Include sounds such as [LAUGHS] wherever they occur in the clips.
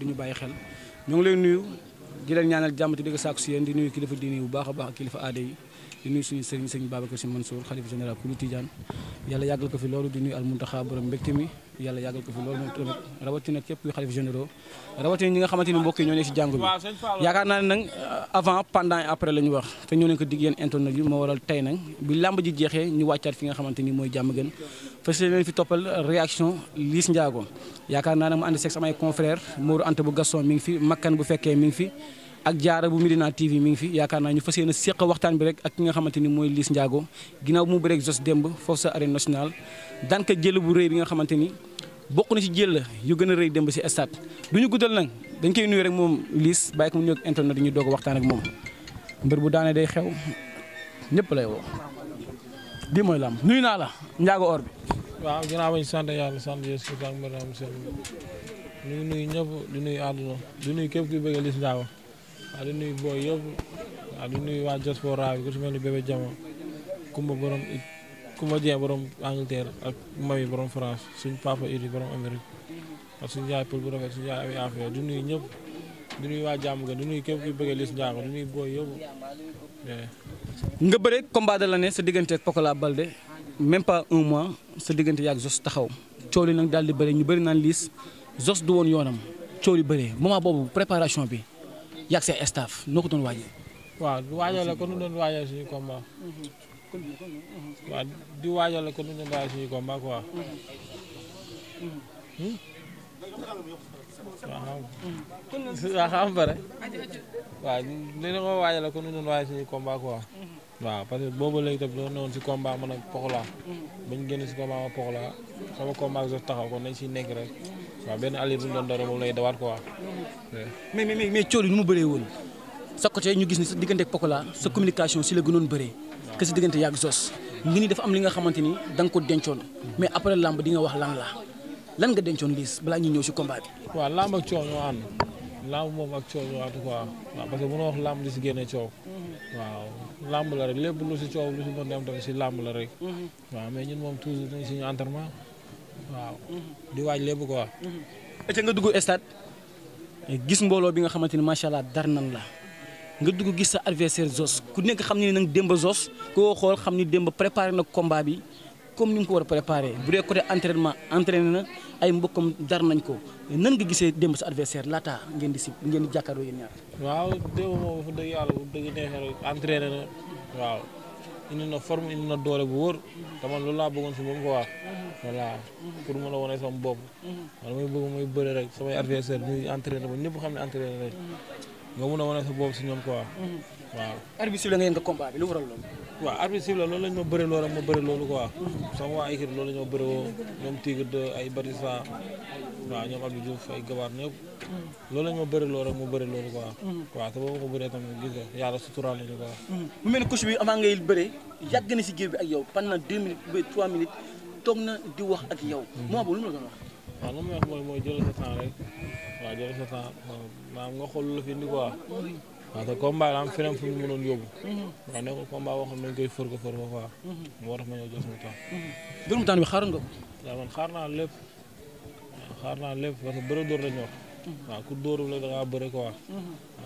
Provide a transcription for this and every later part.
di ñu bàyyi xel ñu ngi leen nuyu di leen ñaanal jàmm te di ko sàkku si yéen di nuyu kilifa diine bu baax a baax ak kilifa aada yi di nuyu suñu sëriñ sëriñ Babacar Sy Mansour xalifa général kulu Tidiane yàlla yàggal ko fi loolu di nuyu almuntaxa borom mbégte mi yàlla yàggal ko fi loolu moom tamit képp kuy xalifa généraux rawatina ñi nga xamante ni mbokk yi ñoo ne si jàng bi yaakaar naa ne nag avant pendant et après la wax te ñoo leen ko dig yéen internet yi moo waral tey nag bi làmb ji jeexee ñu wàccaat ni mooy jàmm gën fas yéene fi toppal réaction Liss Ndiago yaakaar naa ne mu ànd seeg samay moo Mourou Anta bu Gaston mi ngi fi Makkan bu fekkee mi ngi fi ak jaara bu Medina TV mi ngi fi yaakaar naa ñu fas yéene seq waxtaan bi rek ak ki nga xamante ni mooy Liss Ndiago ginnaaw bu mu bëreeg Jos démb foofu sa arène nationale daan ko jël bu rëy bi nga xamante ni bokk na ci jël yu gën a rëy démb si stade du ñu guddal nag dañ koy nuyu rek moom liis bàyyi ko mu ñëw internet ñu doog waxtaan ak moom mbir bu daane day xew ñëpp lay woo. di naa la Ndiago waaw ginnaaw bañ sant yàlla sant Yeesu Kirist ak ñu ngi ku ci mel ni bébé ak mami borom France suñ papa Idi borom Amérique ak yaay pël bu rafet suñ yaay ami affaire di nuyu ñëpp di nuyu waa jàmm ga di nuyu képp kuy bëgg Liss Ndiago booy yëpp nga bëre sa diggante ak Pokola Balde même pas un mois sa diggante yaag Zoss taxaw coow li nag daal di ñu bëri naan liis Zoss du woon yoonam coow li bëree moment boobu préparation bi yaag sa staff noo ko doon waajee. waaw di waajal la ko doon waajal suñu combat. waaw di waaw parce que boobu léegi tamit loolu noonu si combat man ak Pokola. bañ génn si combat ma Pokola sama combat ak taxaw kon nañ si nekk rek waaw benn allié bu ñu doon dara moom lay dawaat quoi. mais mais mais coono yi mu bëree woon sa côté ñu gis ni sa diggante ak Pokola sa communication la gënoon bëree. diggante yàgg sos. ngi ni dafa am li nga xamante ni danga nga ko dencoon. mais après lamb di nga wax lan la lan nga dencoon liis balaa ñuy ñëw si combat bi. waaw lamb ak coono ñoo ànd. làmb moom ak coow waatu quoi waaw parce que mënoo wax làmb di si génne coow. Mm-hmm. làmb la rek lépp lu si coow lu si mën tamit si làmb la rek. Mm-hmm. waaw mais ñun moom toujours dañ suñu mm-hmm. nga dugg stade gis mbooloo bi nga xamante ni macha allah dar nan la nga dugg gis sa adversaire Zos ku nekk xam ne nag démb Zos koo xool xam ni démb préparé na combat bi comme ni mu ko war a bu dee côté entraînement entraîné na. ay mbokkam dar nañ ko nan nga gisee démb sa adversaire laata ngeen di si ngeen di jàkkaarloo yéen ñaar. waaw démb moom fu dëgg yàlla bu dëgg neexee entraîné na waaw indi na forme indi na doole bu wóor dama loolu laa bëggoon si moom ko wax voilà pour mën a wane sama bopp. Mhm. wala muy bëgg muy bëre rek samay adversaire ñuy entraîné ba ñëpp xam ne entraîné rek. nga mun a wane sa boobu si ñoom quoi. Mm-hmm. waaw. arbitre sifle nga yëngu combat bi lu waral loolu. waaw arbitre sifle loolu lañ ma bëri loolu ak ma bëri loolu quoi. Mm-hmm. sama waa équipe loolu lañ ma bëri woo ñoom Tigre de ay Batista waaw ñoom Abdou Diouf ay Gabaar ñëpp. Mm-hmm. loolu lañ ma bëri loolu ak ma bëri loolu quoi. waaw te boo ma ko bëree tamit gis nga yàlla suturaal nañu mu mel ni coach bi avant ngay na si géew bi ak yow pendant deux minutes ba trois minutes toog na di wax ak yow. moo boobu lu mu la doon wax. waaw lu muy wax mooy mooy jël sa temps rek waaw jël sa temps maanaam nga xool la fi indi quoi waaw te combat la am feneen fu ñu mënoon yóbbu. Mhm. waaw nekkul combat boo xam ne dañ koy fër ko fër ko quoi. Mhm. moo tax ma a jël sama temps. mbirum temps bi xaaroon nga ko. waaw man xaar naa lépp xaar naa lépp parce que bëre dóor la ñu wax. Mhm.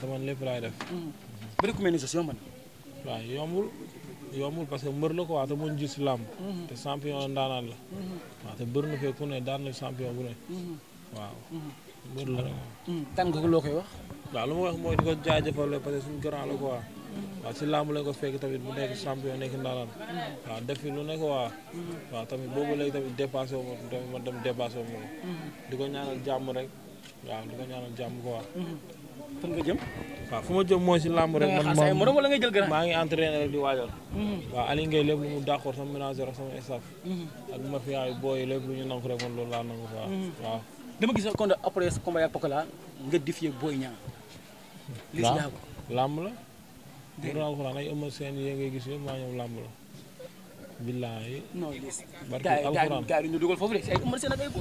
te man lépp laay def. bëri ku mel ni sos yombal. waaw yombul. yombul parce que mbër la ko te mën gis làmb mhm. te champion la ndaanaan la mhm. waaw te bër na fee ku ne daan na champion bu ne mhm. waaw mbër la rek tan ko loo koy wax waaw lu ma wax mooy tamit bu nekk champion nekk ndaanaan waaw def fi waa tamit boobu léegi tamit dépassé wu ma ko ñaanal jàmm rek waaw di ko ñaanal jàmm ko waa fan nga jëm waaw fu ma jëm mooy si làmb rek. maa ngi entraîné rek di waajal. Mhm. waaw Aliou lépp lu mu d'accord sama ménageur ak sama staff. Mhm. ak booy lépp lu ñu nangu rek man mhm. sa combat ak Pokola nga défier Boy Niang. li si làmb làmb la. gis yëpp maa ay ëmb seen ak ay Boy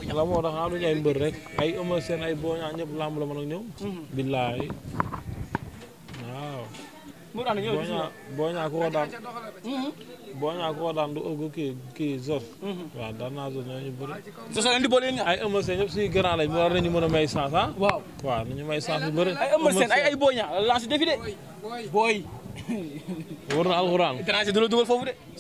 Niang. la moo tax am nañu ay mbër rek ay ëmb seen ay Boy Niang ñëpp làmb la mën a ñëw. billaay. boo ñaa ko daan mhm. boo ñaa ko daan du ëgg kii kii zor mhm. waaw daan naa zor ñoo ñu bëri zor ay ëmmal seen ñëpp suñu grand lañ war nañu mën a may chance ah waaw waaw nañu may chance bu bëri ay ëmmal seen ay ay boo ñaa lance defi de booy war na alxuraan étranger de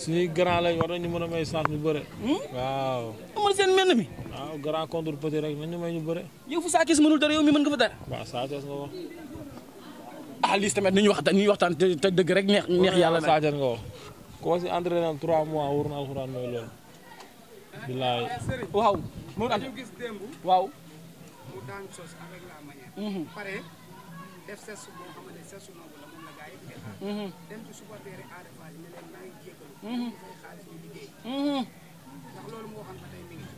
suñuy grand lañ war nañu mën a may chance bu bëri hmm? waaw ëmmal seen mel mi waaw grand contre petit rek nañu may ñu bëri yow fu Sa Thiès mënul dara yow mi mën nga fa dara waaw Sa Thiès nga wax ah liste tamit dañuy wax dañuy waxtaan te dëgg rek neex yàlla. Sadio nga wax koo si entraîné na mois wóor alxuraan mooy mhm. mhm. leen mhm.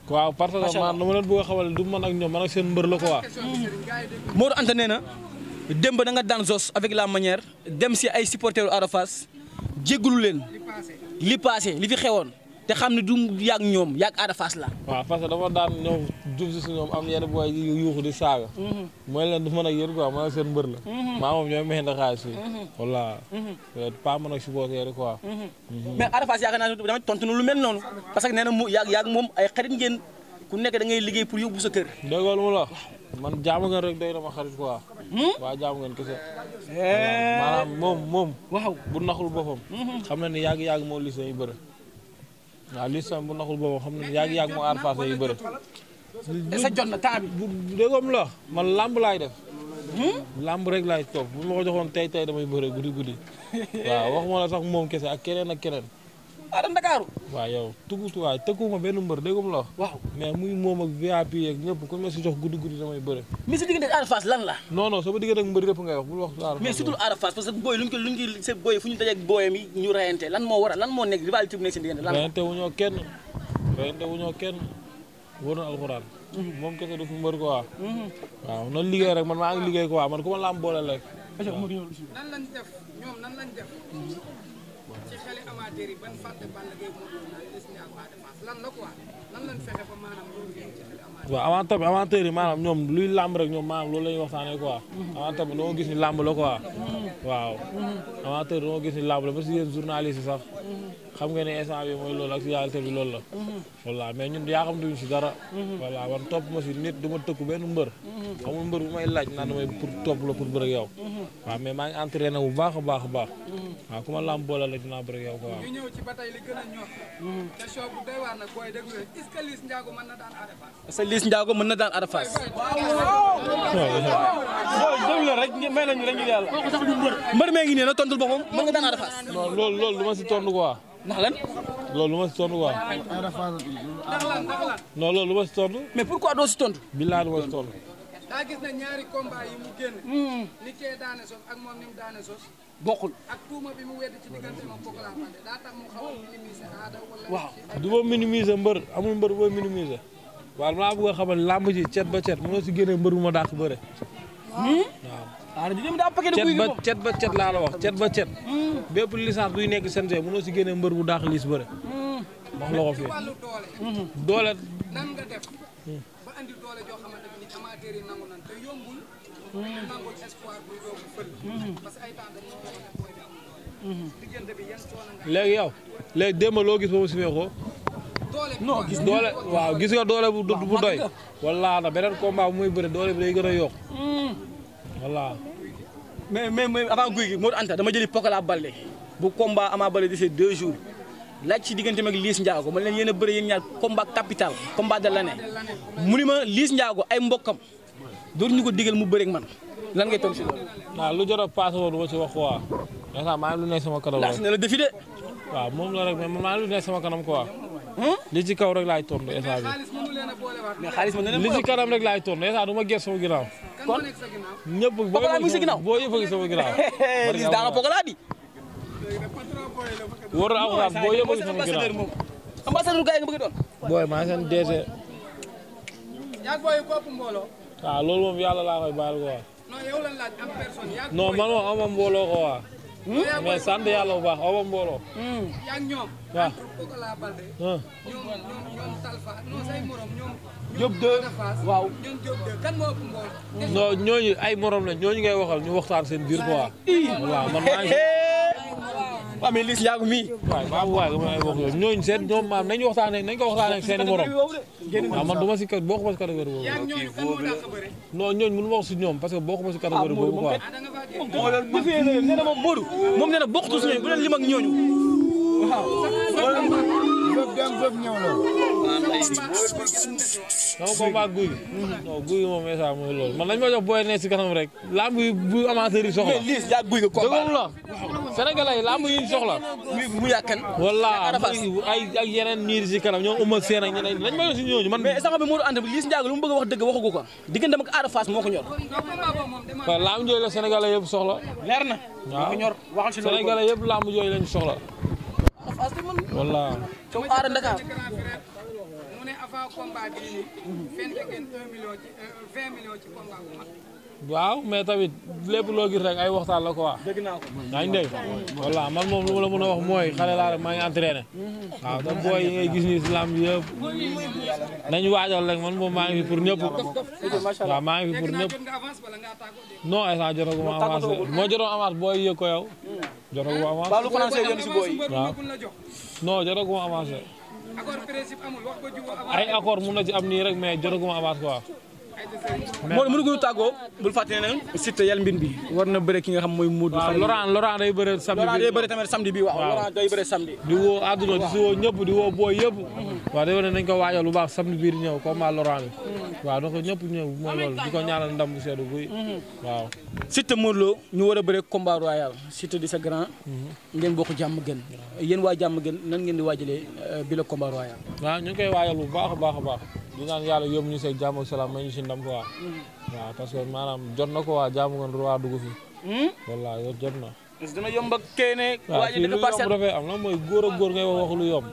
waaw parce que man dama leen bëgg a xamal du man ak ñoom man ak seen mbër la quoi. Modou Anta nee démb da nga daan Zoss avec la manière dem si ay supporters yu Arafas jégalu leen li passé li fi xewoon te xam ne du yàgg ñoom yàgg Arafas la. waaw parce que dama daan ñëw jub ñoom am yenn booy yu yuuxu di saaga. Mhm. mooy leen du mën ak yéen quoi mooy seen mbër la. Mhm. maa moom ñooy mexe na xaalis bi. wala pas mën ak supporter yi quoi. Mhm. mais naa tontu na lu mel noonu parce que nee na moom ay xarit ngeen ku nekk da liggéey pour yóbbu sa kër. man jaamu ngeen rek doy na xarit quoi. Hmm? waa jaamu ngeen kese. Eh. maanaam moom moom. Hmm. bu naxul boppam. xam na ni yàgg yàgg moo liste yu bëre. waaw bu naxul boppam xam na ni yàgg yàgg moo aar face yu bëre. jot na la man làmb laay def. Hmm? làmb rek laay topp bu ma ko joxoon tey tey damay bëre guddi guddi. [LAUGHS] wax waxuma la sax moom kese ak keneen ak keneen. waa da Ndakaaru waaw yow tugut waay tëkkuwuma benn mbër déggum la waaw mais muy moom ak VIP ak ñëpp ku ma si jox guddi guddi damay bëre mais sa diggante Ada Fass lan la non non sama diggante ak mbër yëpp ngay wax bul wax Ada Fass mais surtout Ada Fass parce que booy lu ñu ko lu ñu ko sa booy lan moo waral lan moo nekk rivalité bu nekk seen diggante lan rayante wu ñoo kenn kenn wóor mhm. du fi mbër ko waa mhm. waaw noonu liggéey rek man maa ngi liggéey ko waa man ku ma laam boole rek amateur yi ban waaw avant tamit amateur yi maanaam ñoom luy làmb rek ñoom maanaam loolu la ñuy waxtaanee quoi mhm. avant tamit noo gis ni làmb la quoi mhm. waaw mhm. amateur noo gis ni làmb la ba si yéen journaliste sax xam nga ne instant bi mooy loolu ak réalité bi loolu la voilà mais ñun yaa xam duñu si dara voilà man topp ma si nit du ma tëkku benn mbër xamul mbër bu may laaj naan damay pour topp la pour bëre ak yow waaw mais maa ngi entraîné bu baax a baax a baax waaw ku ma lam boola la dinaa bëre ak yow quoi ñu ñëw ci ba tey li gën a ñor question bu doy waar nag booy déglu est-ce que Liss Ndiago mën na daan Ada Fass est-ce que Liss Ndiago mën na daan Ada Fass déglu rek may nañu rek ngir yàlla mbër mee ngi nee na tontul boppam mën nga daan Ada Fass non loolu loolu du ma si tontu waa ndax loolu lu ma si tontu quoi. non loolu ma si tontu. mais ma si tontu. daa gis na ñaari combat yi mu génn. Hmm. ni bi mu wedd ci diggante moom bokk laa fàtte daa tax minimiser aada wala. waaw du ma minimiser mbër amul mbër booy minimiser. waaw maa bëgg a xamal làmb ji cet ba cet mënoo si génne mbër bu ma dàq bëre. Hmm? Ah, cet ba cet ba cet laa la wax cet ba cet hmm. bépp licence buy nekk CNG mënoo si génne mbër bu daax liis bëre hmm. wax hmm. bi yan coono nga léegi yow léegi démb loo gis ba mu simee ko non gis doole waaw gis nga doole bu doy wala na beneen combat bu muy bëri doole bi day gën a yokk voilà mais mais mais avant guy gi Modou Anta dama jëli Pokola Baldé bu combat Ama Baldé dese deux jours laaj ci diggante mag Liis Ndiago ma leen yéen a bëri yéen ñaar combat capital combat de l'année mu ni ma Liis Ndiago ay mbokkam dootu ñu ko digal mu bëreeg man lan ngay tontu si loolu. lu jot a paase woon du ma si wax quoi. yaa ne de. waaw moom la rek mais maa lu nekk sama kanam quoi. Hmm? li kaw laay tontu état bi. mais xaalis ma li ci rek laay tontu état du ma gëstu ginnaaw. kon ñëpp Pokola mu si ginnaaw boo yëpp a ngi sama ginnaaw. Liss [LAUGHS] daa nga Pokola di. a booy maa ngi seen booy kopp mbooloo. waaw ah, loolu moom yàlla laa koy baal ko waa. non moom am mbooloo ko Hmm? mais sant yàlla bu baax awa mbooloo. Hmm. yaa ngi ñoom. waaw hmm. ñoom ñooñu ay morom la ñooñu ngay waxal ñu waxtaan seen biir quoi. man maa waaw mais Liss Ndiago mii. waaw waaw waaw wax yooyu ñooñu seen ñoom maam nañu waxtaanee nañu ko waxtaanee seen i morom. du ma si kat boo boobu. non ñooñu mënu ma wax ñoom parce que boo ko si catégorie boobu quoi. Ah, moom Modou moom nee bu leen lim ñooñu non combat guy bi. non guy bi moom instant mooy loolu man nañu ma jox booy ne si kanam rek. lamb bu amateur soxla. mais Liss guy nga combat la Sénégalais yi lamb yi soxla. mu mu yàqan. walla ay ak si kanam ñoom Ouma ma ak ñeneen nañu ma jox si ñooñu man. mais instant bi Modou Anta bi Liss Ndiago lu mu bëgg a wax dëgg waxagu ko diggante ak Ada Fass moo ko ñor. waaw lamb la Sénégalais yëpp soxla. leer na. waaw ñor waxal si soxla. walla. avant combat euh, waaw mais tamit lépp loo gis rek ay waxtaan la ko yaa ngi dégg. voilà man moom lu ma la mën a wax mooy xale laa rek maa ngi entraîné. waaw te booy yi gis nii si lamb yëpp. nañu waajal rek man moom maa ngi fi pour ñëpp. waaw maa ngi fi pour ñëpp. non instant jotaguma avance moo jotoon avance booy yëg ko yow. Hmm. jotaguma avance. waaw non jotaguma avance. ay accord mun na ci am nii rek mais jotaguma avance quoi. moo mënu ko tàggoo bul fàtte ne Siteu yal mbin bi war na bëre ki nga xam mooy Modou waaw Laurent Laurent day bëre samedi bi Laurent day bëre tamit samedi bi waaw Laurent day bëre samedi di woo àdduna di si woo ñëpp di woo booy yëpp waaw day wane nañ ko waajal bu baax samedi biir ñëw ko Laurent bi waaw donc ñëpp ñëw mooy loolu di ko ñaanal ndam bu seddu guy waaw Siteu Modou Lo ñu war a bëre combat royal Siteu di sa grand ngeen bokk jàmm gën yéen waa jàmm gën nan ngeen di waajalee euh, bi la combat royal ñu koy waajal bu baax a baax baax di naan yàlla yóbbu ñu see jàmm ak salaam may ñu si ndam waa waaw maanaam jot na ko waa jàmm gën roi dugg fi hmm? wallaahi jot na dina yomb ak kéene waa ji dëkk parcelle am na mooy góor ak góor ngay wax lu yomb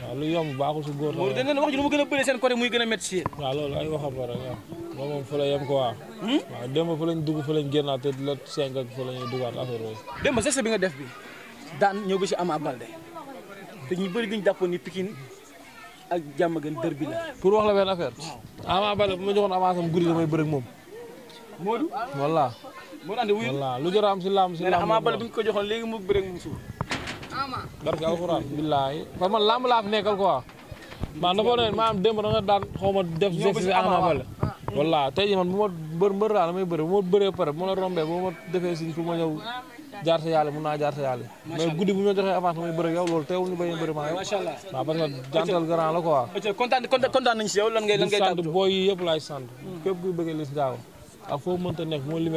waaw lu yomb baaxul si góor la waaw dinañ wax ji lu mu gën a bëri seen côté muy gën a métti si yéen. waaw loolu ay waxam la rek waaw moom fa la yem quoi. Hmm? waaw démb fa lañ dugg fa lañ génnaat te la cinq ak fa la ñuy duggaat affaire yooyu. démb geste bi nga def bi daan ñëw ba si Ama Baldé te ñu bëri duñ jàppoon ni pikin ak jàmm gën dër bi la. pour wax la benn affaire. Ama Baldé bu ma joxoon a am guddi damay bëri ak moom. Modou. voilà. Modou andi wuyu voilà lu jar am si laam si laam. Ama Baldé ko joxoon léegi mu bëri ak barke alxuraan billaahi ba man làmb laa fi nekkal quoi man dafa ne maanaam démb da nga daan ba ma def si Ama Baldé walla tey jii man bu ma bër la rombee bu jaar sa yàlla mun naa jaar sa yàlla mais guddi bu ñu joxee avance damay bëri yow loolu teewul ñu béyee bëri maa yow waaw parce jantal grand la quoi kontaan kontaan nañ si yow lan ngay lan ngay sant booy yi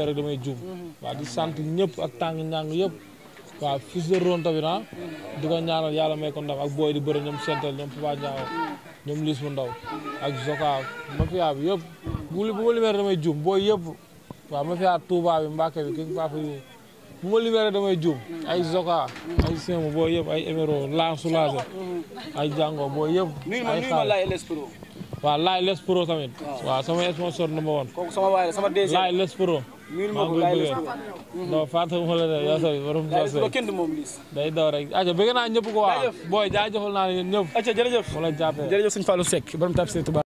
mm-hmm. di sant ñëpp ak tàng ñàng yëpp waaw fils de Ron tamit ah di ko ñaanal yàlla may ko ndam ak booy di bëri ñoom sental ñoom Papa Ndiago ñoom Liss ndaw ak Zoka mafia bi yëpp bu ma limee damay juum boo yëpp waa mafia Touba bi Mbacke bi kii Papa yi bu ma limee damay juum ay Zoka ay Semu booy yëpp ay Emero laa soulagé ay Django booy yëpp ay xaar waaw laay les pro tamit. waaw sama sponsor number one. kooku sama waay la sama DG. laay les pro. miin ma ko laay les pro maa ngi koy bëggee. non mhm. Fatou ma la ne yaa sori warum. yaa sori kenn du moom liis. day daw rek ayca bëgg naa ñëpp ko waa. jaajëf booy jaajëfal naa leen ñëpp. ayca jërëjëf. wala jàppee jërëjëf sëñ Fallou Seck borom Tafsir Touba